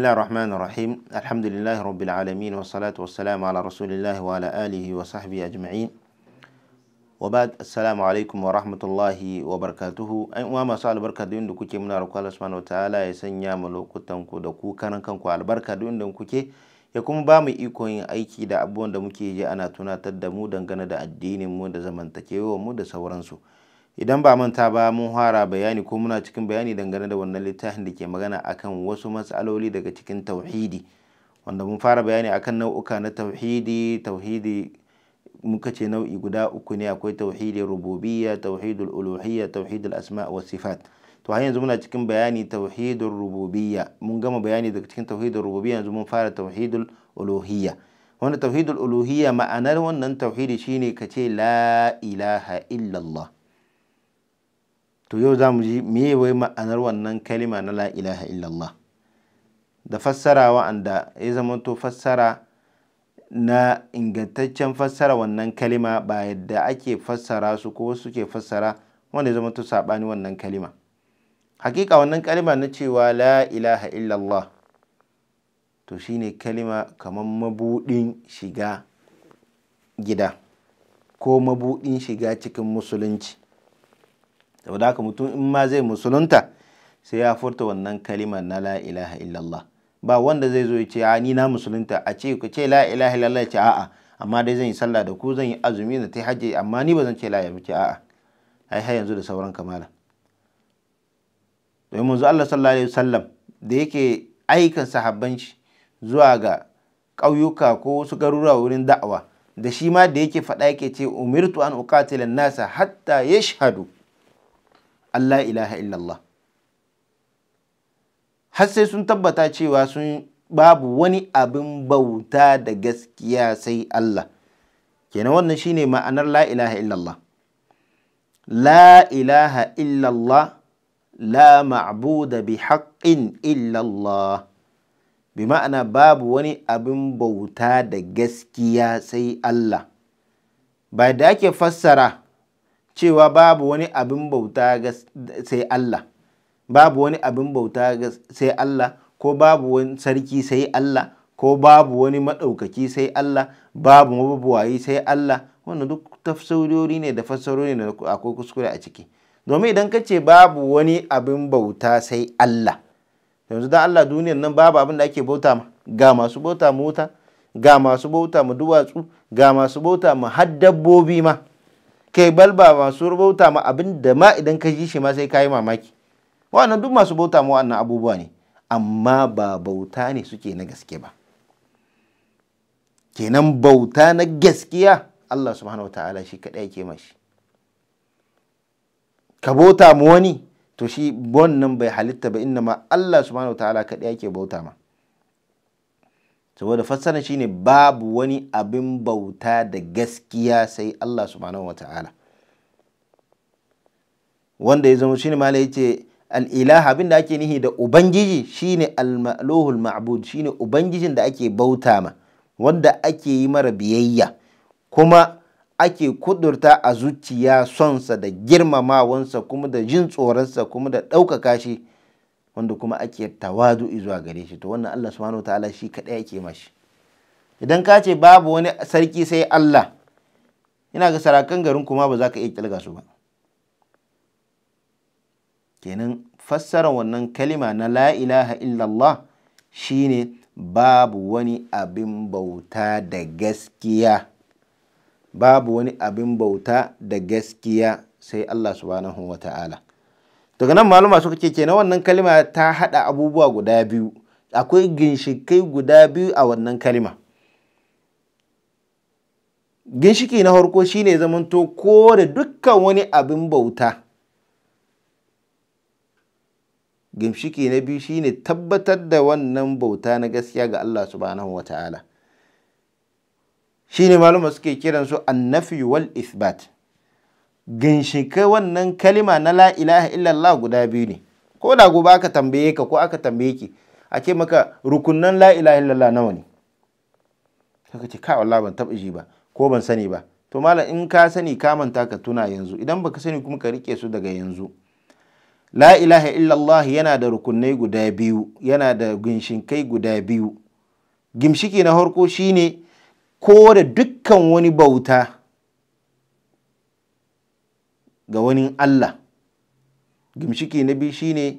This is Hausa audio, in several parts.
الله الرحمن الرحيم الحمد لله رب العالمين والصلاة والسلام على رسول الله وعلى آله وصحبه أجمعين وبعد السلام عليكم ورحمة الله وبركاته وما سأل بركة دون دكوكي من الله سبحانه وتعالى يسن يسنيا ملوكتنكو دكو كانكنكو على بركة دون دكوكي ya بامي ba mu ikon yin aiki da abubuwan da muke ji ana tunatar da مو dangane da addinin mu da zamantakewar idan ba manta ba mun fara bayani ko muna cikin bayani dangane da wannan littafin da ke magana akan wasu matsaloli daga cikin tauhidi wanda mun fara bayani akan nau'uka na tauhidi tauhidi muka ce nau'i guda uku ne akwai tauhidi rububiyya tauhidul uluhiyya tauhidul asma wa sifat to har yanzu muna cikin bayani tauhidul rububiyya mun gama bayani daga cikin tauhidul rububiyya yanzu mun fara tauhidul uluhiyya wanda tauhidul uluhiyya ma'anar wannan tauhidi shine ka ce la ilaha illallah to yau za mu ji meye wai ma'anar wannan kalima na la ilaha illallah da fassara wa'anda ya zama to fassara na ingantaccen fassara wannan kalima ba yadda ake fassara su ko wasu ke fassara wanda ya zama to saɓani wannan kalima hakika wannan kalima na cewa la ilaha illallah to shine kalima kamar mabuɗin shiga gida ko mabuɗin shiga cikin musulunci saboda haka mutum in ma zai musulunta sai ya furta wannan kalimar na la ilaha illallah ba wanda zai zo ya ce a ni na musulunta a ce ku ce la ilaha illallah ya ce a'a amma dai zan yi sallah da ku zan yi azumi da ta hajji amma ni ba zan ce la ya ce a'a ai har yanzu da sauran kamala domin manzo Allah sallallahu alaihi wasallam da yake aikan sahabban shi zuwa ga ƙauyuka ko wasu garuruwa wurin da'awa da shi ma da yake faɗa yake ce umirtu an uqatila nasa hatta yashhadu Allah ilaha illallah har sai sun tabbata cewa sun babu wani abin bauta da gaskiya sai Allah kenan wannan shine ma'anar la ilaha illallah la ilaha illallah la ma'buda bi haƙƙin illallah bi ma'ana babu wani abin bauta da gaskiya sai Allah ba da ake fassara cewa babu wani abin bauta sai Allah babu wani abin bauta sai Allah ko babu wani sarki sai Allah ko babu wani maɗaukaki sai Allah babu mabubuwayi sai Allah wannan duk tafsirori ne da fassarori ne akwai kuskure a ciki domin idan ka ce babu wani abin bauta sai Allah yanzu dan Allah duniyar nan babu abin da ake bauta ma ga masu bauta mota ga masu bauta mu duwatsu ga masu bauta mu har dabbobi ma kai balba masu bauta ma abin da ma idan ka ji shi ma sai ka yi mamaki wannan duk masu bauta ma wannan abubuwa ne amma ba bauta ne suke na gaske ba kenan bauta na gaskiya Allah subhanahu wa ta'ala shi kaɗai ke mashi ka bauta mu wani to shi wannan bai halitta ba inna ma Allah subhanahu wa ta'ala kaɗai yake bauta ma saboda fassara shine babu wani abin bauta da gaskiya sai Allah subhanahu wa ta'ala wanda ya zama shine malai yace al-ilah abin da ake nihi da ubangiji shine al-ma'luhul ma'bud shine ubangijin da ake bauta ma wanda ake yi mara biyayya kuma ake kudurta a zuciya sonsa da girmamawansa kuma da jin tsoronsa kuma da ɗaukaka shi wanda kuma ake tawadu zuwa gare shi to wannan Allah subhanahu ta'ala shi kadai yake mashi idan ka ce babu wani sarki sai Allah ina ga sarakan garin kuma ba za ka iya kilga su ba kenan fassara wannan kalima na la ilaha illallah shine babu wani abin bauta da gaskiya babu wani abin bauta da gaskiya sai Allah subhanahu wa ta'ala daga nan maluma suka ce kenan wannan kalima ta haɗa abubuwa guda biyu akwai ginshikai guda biyu a wannan kalima ginshiki na harko shine zamanto da dukkan wani abin bauta ginshiki na biyu shine tabbatar da wannan bauta na gaskiya ga Allah subhanahu wa ta'ala shine maluma suke kiransu annafi wal isbat ginshikai wannan kalima na la ilaha illallah guda biyu ne ko da gobe aka tambaye ka ko aka tambaye ki a maka rukunnan la ilaha illallah nawa ne kaka ce ka wallahi ban taba ji ba ko ban sani ba to malam in ka sani ka manta ka tuna yanzu idan baka sani kuma ka rike su daga yanzu la ilaha illallah yana da rukunai guda biyu yana da ginshikai guda biyu gimshiki na harko shine ko da dukkan wani bauta ga wani Allah gimshiki na biyu shi ne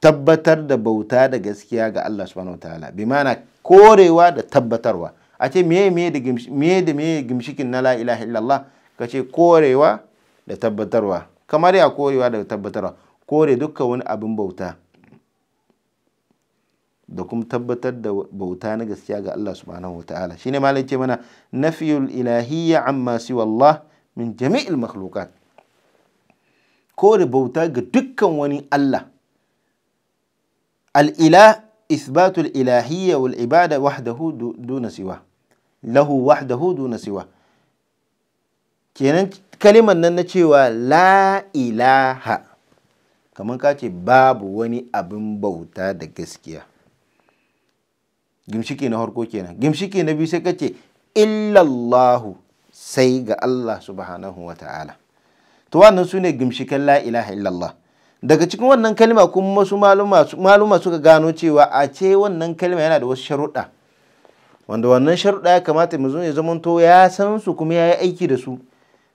tabbatar da bauta da gaskiya ga Allah subhanahu wataala bi mana korewa da tabbatarwa a ce meye meye da gimshikin na la ilaha illallah ka ce korewa da tabbatarwa kamar ya korewa da tabbatarwa kore dukkan wani abin bauta da kuma tabbatar da bauta na gaskiya ga Allah subhanahu wataala shine malai ce mana nafiyul ilahiyya amma siwa Allah min jami'il makhluqat kore bauta ga dukkan wani Allah al'ila isbatul ilahiyya wal ibada wahdahu duna siwa lahu wahdahu duna siwa kenan kalimar nan na cewa la ilaha kamar ka ce babu wani abin bauta da gaskiya gimshike na harko kenan gimshike na biyu sai kace ce illallahu sai ga Allah subhanahu wa ta'ala to wannan su ne gimshikan la ilaha illallah daga cikin wannan kalima kuma wasu maluma suka gano cewa a ce wannan kalima yana da wasu sharuɗa wanda wannan sharuɗa ya kamata mu ya zamanto ya san su kuma ya yi aiki da su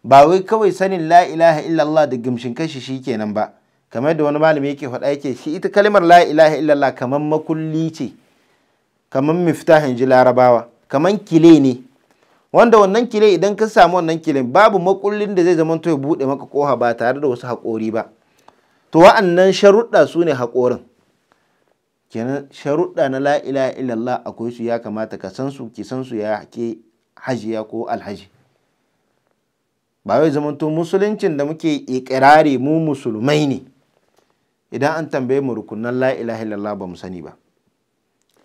ba wai kawai sanin la ilaha illallah da gimshin kashi shi kenan ba kamar da wani malami yake faɗa yake shi ita kalimar la ilaha illallah kamar makulli ce kamar miftahin ji larabawa kamar kile ne wanda wannan kile idan ka samu wannan kile babu makullin da zai zama to ya bude maka koha ba tare da wasu haƙori ba to wa'annan sharuɗa su ne haƙorin kenan sharuɗa na la ilaha illallah akwai su ya kamata ka san su ki san su ya ke hajiya ko alhaji ba wai zamanto musuluncin da muke iƙirari mu musulmai ne idan an tambaye mu rukunan la ilaha illallah ba mu sani ba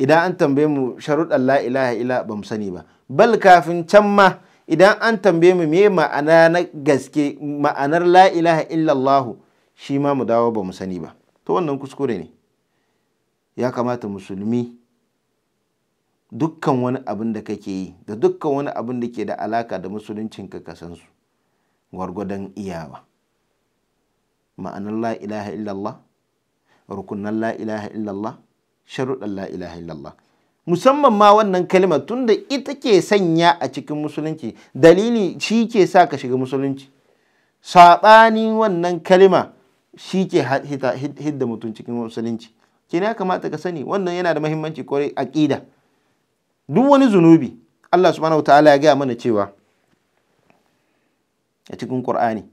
idan an tambaye mu sharuɗan la ilaha illa ba mu sani ba bal kafin can ma idan an tambaye mu me ma'ana na gaske ma'anar la ilaha illallah shi ma mu dawo ba mu sani ba to wannan kuskure ne ya kamata musulmi dukkan wani abin da kake yi da dukkan wani abin da ke da alaka da musuluncin ka san su gwargwadon iyawa ma'anar la ilaha illallah rukunan la ilaha illallah sharuɗan la ilaha illallah musamman ma wannan kalmar tunda ita ke sanya a cikin musulunci dalili shi ke sa ka shiga musulunci saɓani wannan kalima shi ke hidda mutum cikin musulunci kina ya kamata ka sani wannan yana da mahimmanci kwarai aƙida duk wani zunubi Allah subhanahu wa ta'ala ya gaya mana cewa a cikin ƙur'ani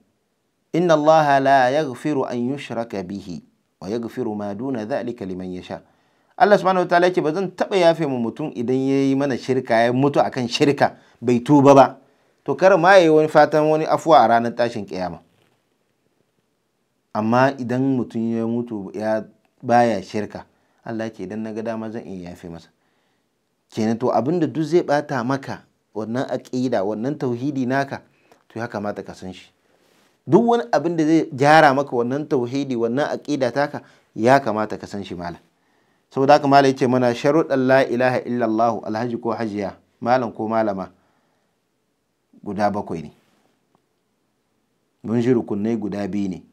inna Allah la yaghfiru an yushraka bihi wa yaghfiru ma duna dhalika liman yasha' Allah subhanahu ta'ala yake ba zan taɓa yafe mu mutum idan ya yi mana shirka ya mutu akan shirka bai tuba ba to kar ma ya wani fatan wani afuwa a ranar tashin kiyama amma idan mutum ya mutu ya baya shirka Allah ke idan na ga dama zan iya yafe masa kenan to abinda duk zai bata maka wannan aƙida wannan tauhidi naka to ya kamata ka san shi duk wani abin da zai gyara maka wannan tauhidi wannan aqida taka ya kamata ka san shi malam da kamala ya ce mana sharuɗan la ilaha illallah alhaji ko hajiya malam ko malama guda bakwai ne mun rukunai guda biyu ne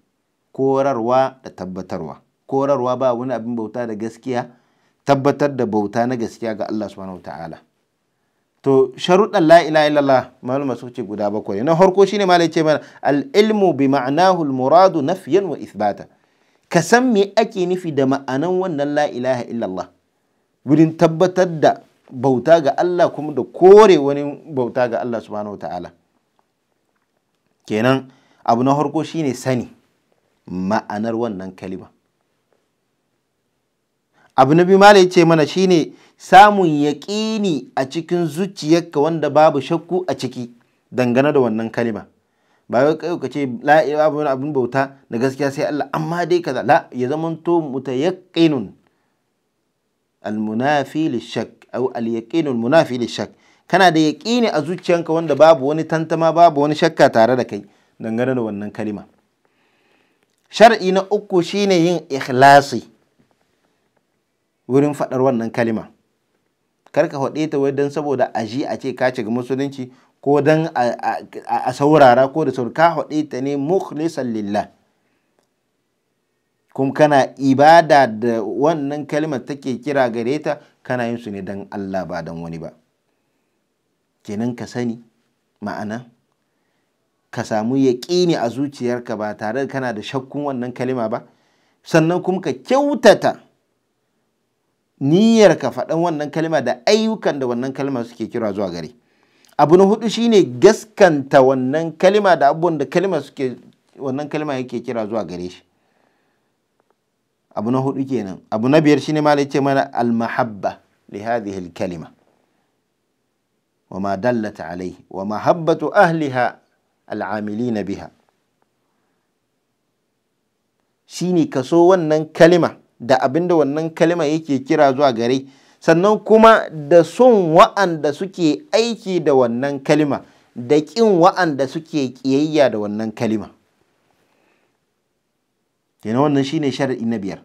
korarwa da tabbatarwa korarwa ba wani abin bauta da gaskiya tabbatar da bauta na gaskiya ga Allah subhanahu ta'ala to sharuɗan la ilaha illallah malama su ce guda bakwai na farko shine ya ce mana al ilmu bi ma'anahu al muradu nafyan wa ithbata ka san me ake nufi da ma'anan wannan la ilaha illallah wurin tabbatar da bauta ga Allah kuma da kore wani bauta ga Allah subhanahu wa ta'ala kenan abu na harko shine sani ma'anar wannan kalima abu na biyu ya ce mana shine samun yaƙini a cikin zuciyarka wanda babu shakku a ciki dangane da wannan kalima ba wai kai ka ce la ilaha illallah abin bauta da gaskiya sai Allah amma dai kaza la ya zamanto mutayaqqinun almunafi lishak au al munafi lishak kana da yaƙini a zuciyanka wanda babu wani tantama babu wani shakka tare da kai dangane da wannan kalima shar'i na uku shine yin ikhlasi wurin faɗar wannan kalima kar ka ta wai don saboda aji a ce ka ga musulunci ko don a saurara ko da sauraka haɗe ta ne mukhlisan lillah kuma kana ibada da wannan kalmar take kira gare ta kana yin su ne don Allah ba don wani ba kenan ka sani ma'ana ka samu yaƙini a zuciyarka ba tare da kana da shakkun wannan kalima ba sannan kuma ka kyautata niyyar ka faɗan wannan kalima da ayyukan da wannan kalima suke kira zuwa gare abu na hudu shine gaskanta wannan kalima da abubuwan da kalima suke wannan kalima yake kira zuwa gare shi abu na hudu kenan abu na biyar shine malai ce mana almahabba li hadhihi alkalima wa ma dallat alai wa mahabbatu ahliha al'amilina biha shine kaso wannan kalima da abinda wannan kalima yake kira zuwa gare sannan kuma da son wa'anda suke aiki da wannan kalima da ƙin wa'anda suke ƙiyayya da wannan kalima Yana wannan shine sharaɗi na biyar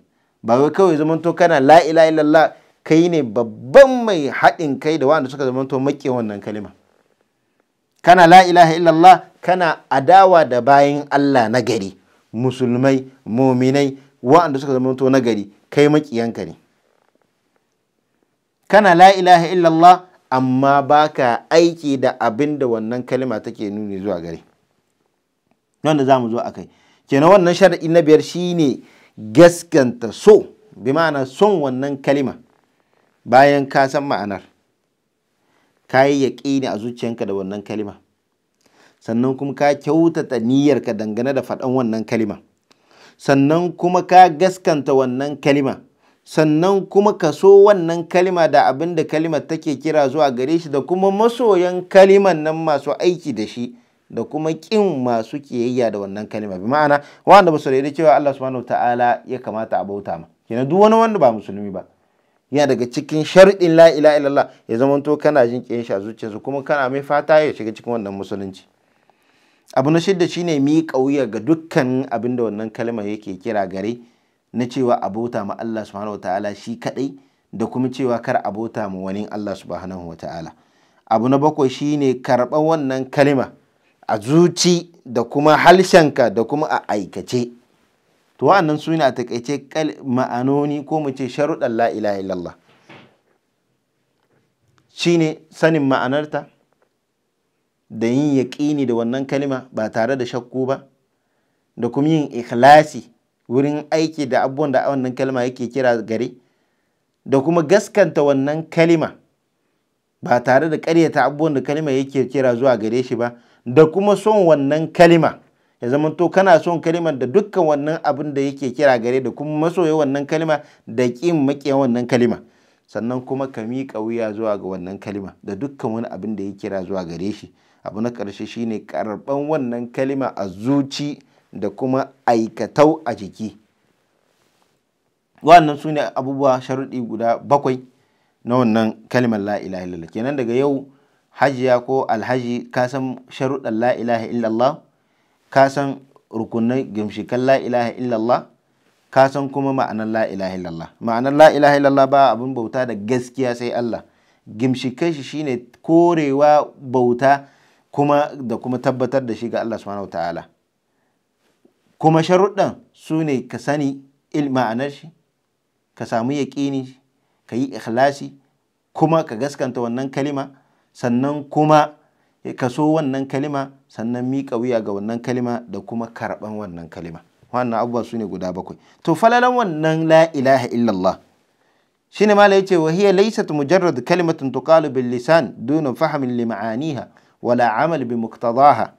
ba wai kawai zamanto kana la ilaha illallah kai ne babban mai haɗin kai da wanda suka zamanto maƙe wannan kalima kana la ilaha illallah kana adawa da bayan Allah na gari musulmai mominai, wa'anda suka zamanto na gari kai maƙiyanka ne kana la ilaha illallah amma baka aiki da abin da wannan kalima take nuni zuwa gare wanda za mu zo a kai kenan wannan sharaɗi na biyar shine gaskanta so bi ma'ana son wannan kalima bayan ka san ma'anar ka yi yaƙini a zuciyanka da wannan kalima sannan kuma ka kyautata niyyarka dangane da faɗan wannan kalima sannan kuma ka gaskanta wannan kalima sannan kuma kaso wannan kalima da abin da kalimar take kira zuwa gare shi da kuma masoyan kalimar nan masu aiki da shi da kuma ƙin masu kiyayya da wannan kalima bi ma'ana wanda basu da cewa Allah subhanahu ta'ala ya kamata a bauta ma kina duk wani wanda ba musulmi ba yana daga cikin sharɗin la ilaha illallah ya zamanto kana jin kiyayya shi a zuciyarsa kuma kana mai fata ya shiga cikin wannan musulunci abu na shidda shine mi kauya ga dukkanin abinda wannan kalimar yake kira gare na cewa abota ma Allah subhanahu wataala shi kadai da kuma cewa kar abota ma wani Allah subhanahu wataala abu na bakwai shine karɓar wannan kalima a zuci da kuma halshenka da kuma a aikace to wa'annan su ne a takaice ma'anoni ko mu ce sharuɗan la ilaha illallah shine sanin ma'anarta da yin yaƙini da wannan kalima ba tare da shakku ba da kuma yin ikhlasi wurin aiki da abubuwan da wannan kalma yake kira gare da kuma gaskanta wannan kalima ba tare da karyata abubuwan da kalima yake kira zuwa gare shi ba da kuma son wannan kalima ya zama to kana son kalimar da dukkan wannan abin da yake kira gare da kuma masoya wannan kalima da ƙin maƙiya wannan kalima sannan kuma ka miƙa wuya zuwa ga wannan kalima da dukkan wani abin da ya kira zuwa gare shi abu na ƙarshe shine karɓan wannan kalima a zuci da kuma aikatau a jiki wannan su ne abubuwa sharuɗi guda bakwai na wannan kalimar la'ilaha illallah kenan daga yau hajiya ko alhaji ka san sharuɗan la'ilaha illallah ka san rukunai gimshikan la'ilaha illallah ka san kuma ma'anar la'ilaha illallah ma'anar la'ilaha illallah ba abin bauta da gaskiya sai Allah gimshikan shi shine korewa bauta kuma da kuma tabbatar da shi ga Allah subhanahu kuma sharuɗan su ne ka sani ma'anar shi ka samu yaƙini ka yi ikhlasi kuma ka gaskanta wannan kalima sannan kuma ka so wannan kalima sannan miƙa wuya ga wannan kalima da kuma karɓan wannan kalima wannan abubuwa su ne guda bakwai to falalan wannan la ilaha illallah shine mala yace wa hiya laysat mujarrad kalimatun tuqalu bil lisan duna fahmin li ma'aniha wala amal bi muqtadaha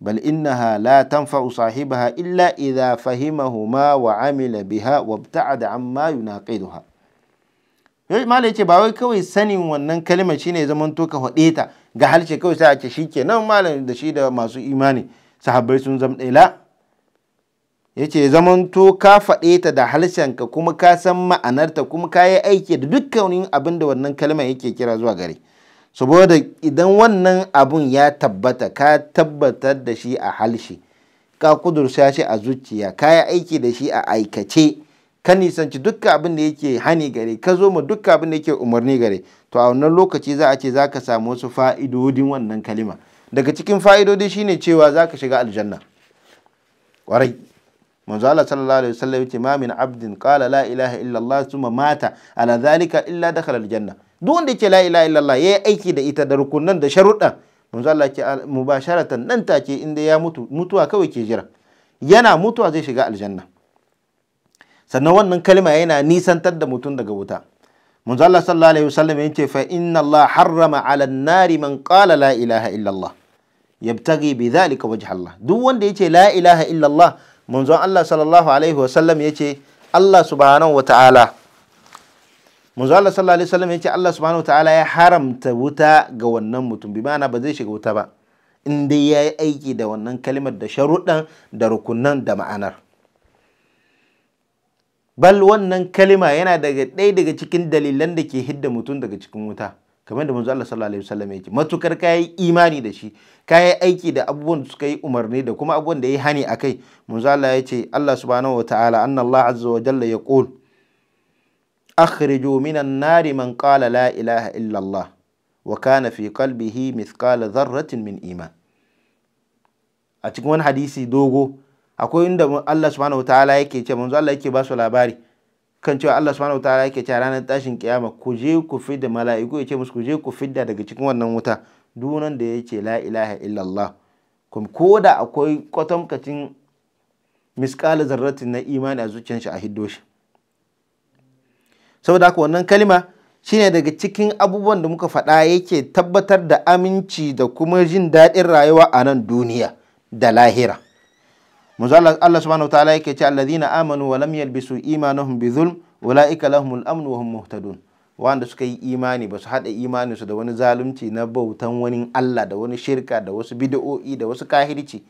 bal innaha la tanfa'u sahibaha illa idha fahimahuma wa amila biha wa da amma yunaqiduha yau malai yace ba wai kawai sanin wannan kalma shine zaman zama ka faɗe ta ga halce kawai sai a ce shikenan malam da shi da masu imani sahabbai sun zama ɗaya yace zaman zama ka faɗe ta da harshenka kuma ka san ma'anarta kuma ka yi aiki da dukkanin abin da wannan kalimar yake kira zuwa gare saboda idan wannan abun ya tabbata ka tabbatar da shi a halshe ka kudurta shi a zuciya ka yi aiki da shi a aikace ka nisanci dukkan abin da yake hani gare ka zo ma dukkan abin da yake umarni gare to a wannan lokaci za a ce za ka samu wasu fa'idodin wannan kalima daga cikin fa'idodi shine cewa za ka shiga aljanna ƙwarai manzo Allah sallallahu alaihi wasallam yace ma min abdin qala la ilaha illa Allah thumma mata ala zalika illa dakhala aljanna duk wanda yake la ilaha illallah yayi aiki da ita da rukunan da sharuɗan manzo Allah ke mubasharatan nan take inda ya mutu mutuwa kawai ke jira yana mutuwa zai shiga aljanna sannan wannan kalma yana nisantar da mutum daga wuta manzo Allah sallallahu alaihi wasallam yace fa inna Allah harrama 'ala an-nari man qala la ilaha illallah yabtaghi bidhalika wajh Allah duk wanda yace la ilaha illallah manzo Allah sallallahu alaihi wasallam yace Allah subhanahu wa manzo Allah sallallahu alaihi wasallam yace Allah subhanahu wataala ya haramta wuta ga wannan mutum bi ma'ana ba zai shiga wuta ba in dai ya yi aiki da wannan kalimar da sharuɗan da rukunan da ma'anar bal wannan kalima yana daga ɗaya daga cikin dalilan da ke hidda mutum daga cikin wuta kamar da manzo Allah sallallahu alaihi wasallam yake matukar kai imani da shi kai aiki da abubuwan da suka yi umarni da kuma abubuwan da yi hani akai manzo Allah yace Allah subhanahu wataala anna Allah azza wa jalla yaqul akhrijo minan nari man qala la ilaha illallah wa kana fi qalbihi mithqala dharratin min iman a cikin wani hadisi dogo akwai inda Allah subhanahu wataala yake ce manzo Allah yake ba su labari kan cewa Allah subhanahu wataala yake ce ranar tashin kiyama ku je ku fidda mala'iku yace musu ku je ku fidda daga cikin wannan wuta dunan da yace la ilaha illallah ko da akwai kwatamkacin miskala zarratin na imani a zuciyar a Hiddoshi. saboda haka wannan kalima shine daga cikin abubuwan da muka faɗa yake tabbatar da aminci da kuma jin daɗin rayuwa a nan duniya da lahira manzo Allah subhanahu wataala yake ce allazina amanu wa lam yalbisu imanuhum bi zulm ulaika lahumul amn wa hum muhtadun wanda suka yi imani ba su imani su da wani zalunci na bautan wani Allah da wani shirka da wasu bid'o'i da wasu kahirci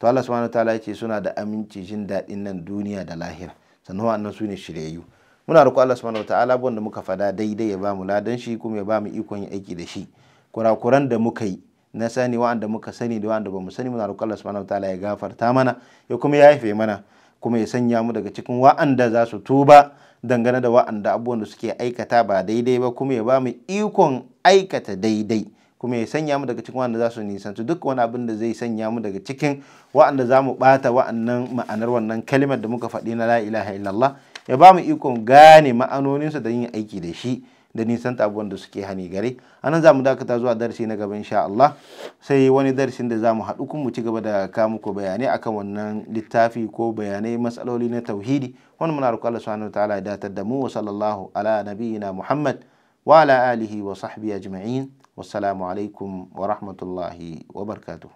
to Allah subhanahu wataala yake suna da aminci jin daɗin nan duniya da lahira sannan wa'annan su ne shiryayyu muna roƙo Allah subhanahu wataala abubuwan muka fada daidai ya bamu ladan shi kuma ya bamu ikon yin aiki da shi kurakuran da muka yi na sani wa'anda muka sani da wa'anda bamu sani muna roƙo Allah subhanahu wataala ya gafarta mana ya kuma ya haife mana kuma ya sanya mu daga cikin wa'anda za su tuba dangane da wa'anda abubuwan da suke aikata ba daidai ba kuma ya bamu ikon aikata daidai kuma ya sanya mu daga cikin wanda za su nisanci duk wani abin da zai sanya mu daga cikin wa'anda za mu bata wa'annan ma'anar wannan kalimar da muka faɗi na la ilaha illallah ya ba mu ikon gane ma'anoninsa da yin aiki da shi da nisan abubuwan da suke hani gare a nan za mu dakata zuwa darsi na gaba insha Allah sai wani darasin da za mu haɗu kun mu ci gaba da kamu muku bayanai akan wannan littafi ko bayanai matsaloli na tauhidi wani muna roƙon Allah subhanahu ta'ala ya datar da mu wa sallallahu ala nabiyina Muhammad wa ala alihi wa sahbihi ajma'in wassalamu alaikum wa rahmatullahi wa barakatuh